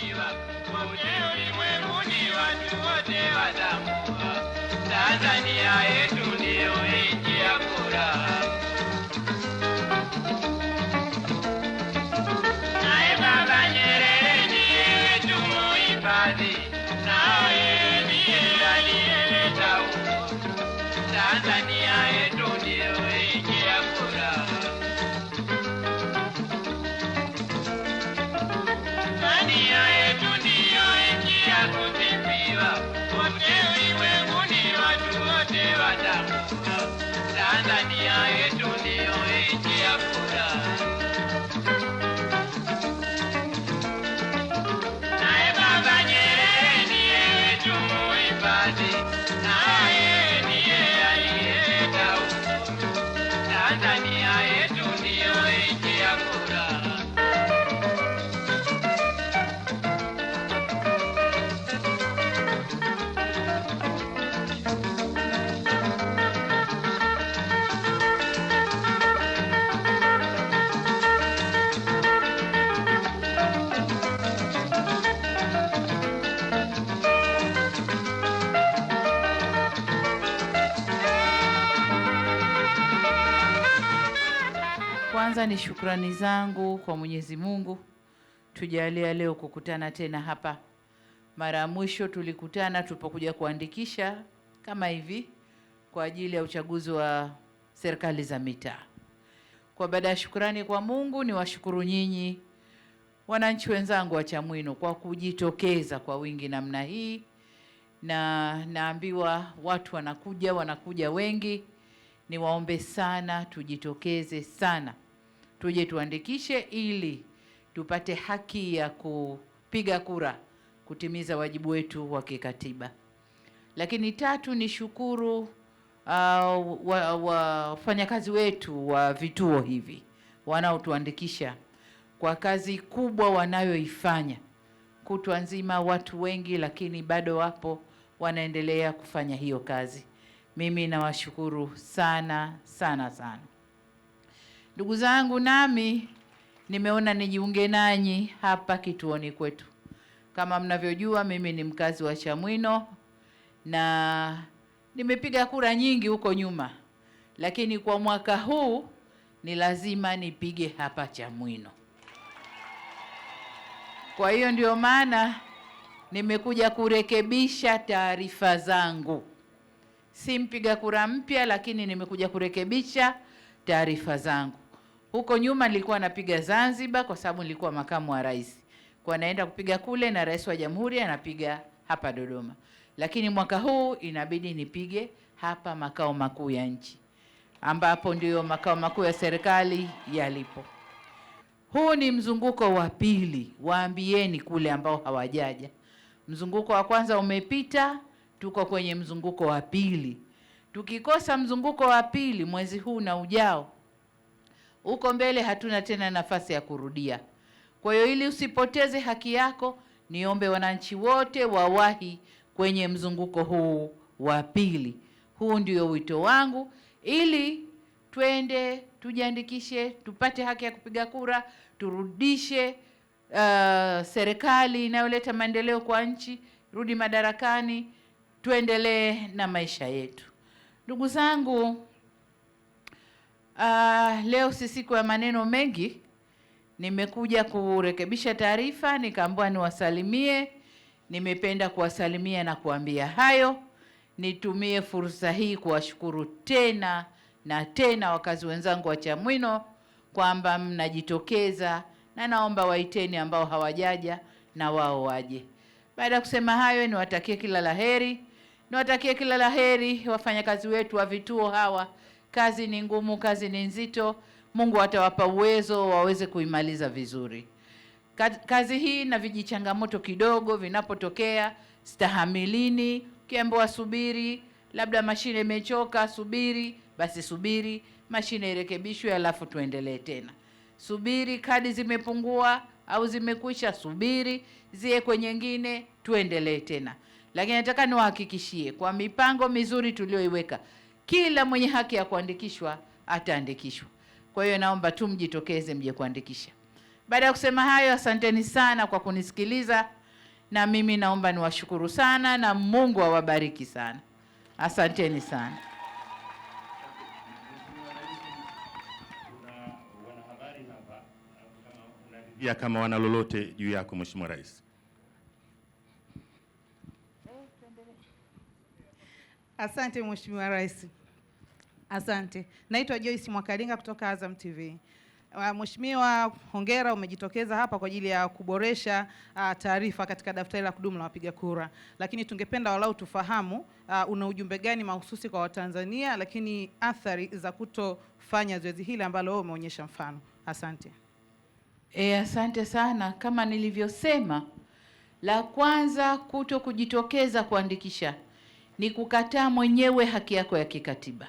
kujua kote ulimwenguni watu wote watambua Tanzania yetu kwanza ni shukrani zangu kwa Mwenyezi Mungu tujalia leo kukutana tena hapa. Mara ya mwisho tulikutana tulipokuja kuandikisha kama hivi kwa ajili ya uchaguzi wa serikali za mitaa. Kwa baada ya shukrani kwa Mungu, ni washukuru nyinyi wananchi wenzangu wa Chamwino kwa kujitokeza kwa wingi namna hii, na naambiwa watu wanakuja wanakuja wengi. Niwaombe sana tujitokeze sana tuje tuandikishe ili tupate haki ya kupiga kura kutimiza wajibu wetu wa kikatiba. Lakini tatu ni shukuru uh, wafanyakazi wa, wa, wetu wa vituo hivi wanaotuandikisha kwa kazi kubwa wanayoifanya kutwa nzima, watu wengi, lakini bado wapo wanaendelea kufanya hiyo kazi. Mimi nawashukuru sana sana sana. Ndugu zangu, nami nimeona nijiunge nanyi hapa kituoni kwetu. Kama mnavyojua, mimi ni mkazi wa Chamwino na nimepiga kura nyingi huko nyuma, lakini kwa mwaka huu ni lazima nipige hapa Chamwino. Kwa hiyo ndio maana nimekuja kurekebisha taarifa zangu, si mpiga kura mpya, lakini nimekuja kurekebisha taarifa zangu. Huko nyuma nilikuwa napiga Zanzibar kwa sababu nilikuwa makamu wa rais, kwa naenda kupiga kule na rais wa jamhuri anapiga hapa Dodoma, lakini mwaka huu inabidi nipige hapa makao makuu ya nchi ambapo ndiyo makao makuu ya serikali yalipo. Huu ni mzunguko wa pili, waambieni kule ambao hawajaja. Mzunguko wa kwanza umepita, tuko kwenye mzunguko wa pili. Tukikosa mzunguko wa pili mwezi huu na ujao huko mbele hatuna tena nafasi ya kurudia. Kwa hiyo ili usipoteze haki yako, niombe wananchi wote wawahi kwenye mzunguko huu wa pili. Huu ndio wito wangu, ili twende tujiandikishe, tupate haki ya kupiga kura, turudishe uh, serikali inayoleta maendeleo kwa nchi rudi madarakani, tuendelee na maisha yetu, ndugu zangu. Uh, leo si siku ya maneno mengi, nimekuja kurekebisha taarifa, nikaambiwa niwasalimie. Nimependa kuwasalimia na kuambia hayo. Nitumie fursa hii kuwashukuru tena na tena wakazi wenzangu wa Chamwino kwamba mnajitokeza, na naomba waiteni ambao hawajaja na wao waje. Baada ya kusema hayo, niwatakie kila laheri, niwatakie kila laheri wafanyakazi wetu wa vituo hawa Kazi ni ngumu, kazi ni nzito. Mungu atawapa uwezo waweze kuimaliza vizuri kazi hii, na vijichangamoto kidogo vinapotokea, stahamilini. Ukiambiwa subiri, labda mashine imechoka, subiri basi subiri, mashine irekebishwe, alafu tuendelee tena. Subiri, kadi zimepungua au zimekwisha, subiri ziwekwe nyingine, tuendelee tena. Lakini nataka niwahakikishie kwa mipango mizuri tuliyoiweka kila mwenye haki ya kuandikishwa ataandikishwa. Kwa hiyo naomba tu mjitokeze mje kuandikisha. Baada ya kusema hayo, asanteni sana kwa kunisikiliza, na mimi naomba niwashukuru sana na Mungu awabariki wa sana. Asanteni sana. Ya kama wana lolote juu yako Mheshimiwa Rais. Asante Mheshimiwa Rais. Asante, naitwa Joyce Mwakalinga kutoka Azam TV. Uh, Mheshimiwa, hongera, umejitokeza hapa kwa ajili ya kuboresha uh, taarifa katika daftari la kudumu la wapiga kura, lakini tungependa walau tufahamu uh, una ujumbe gani mahususi kwa Watanzania, lakini athari za kutofanya zoezi hili ambalo wewe umeonyesha mfano. Asante. E, asante sana. Kama nilivyosema, la kwanza kuto kujitokeza kuandikisha ni kukataa mwenyewe haki yako ya kikatiba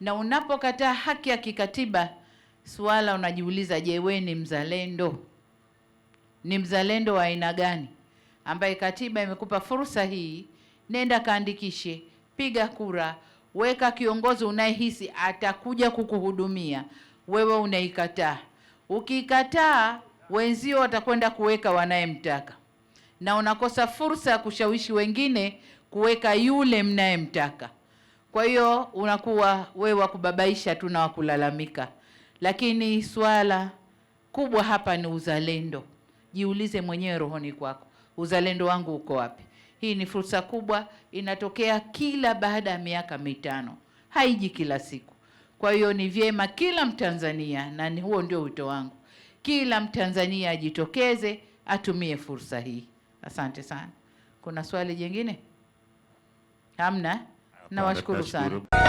na unapokataa haki ya kikatiba suala, unajiuliza, je, wewe ni mzalendo? Ni mzalendo wa aina gani ambaye katiba imekupa fursa hii? Nenda kaandikishe, piga kura, weka kiongozi unayehisi atakuja kukuhudumia wewe. Unaikataa. Ukikataa, wenzio watakwenda kuweka wanayemtaka, na unakosa fursa ya kushawishi wengine kuweka yule mnayemtaka. Kwa hiyo unakuwa wewe wa kubabaisha tu na wakulalamika kulalamika, lakini swala kubwa hapa ni uzalendo. Jiulize mwenyewe rohoni kwako, uzalendo wangu uko wapi? Hii ni fursa kubwa, inatokea kila baada ya miaka mitano, haiji kila siku. Kwa hiyo ni vyema kila Mtanzania, na huo ndio wito wangu, kila Mtanzania ajitokeze, atumie fursa hii. Asante sana. Kuna swali jingine? Hamna? na sana.